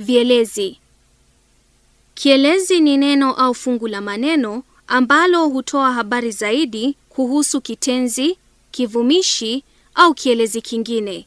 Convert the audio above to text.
Vielezi. Kielezi ni neno au fungu la maneno ambalo hutoa habari zaidi kuhusu kitenzi, kivumishi au kielezi kingine.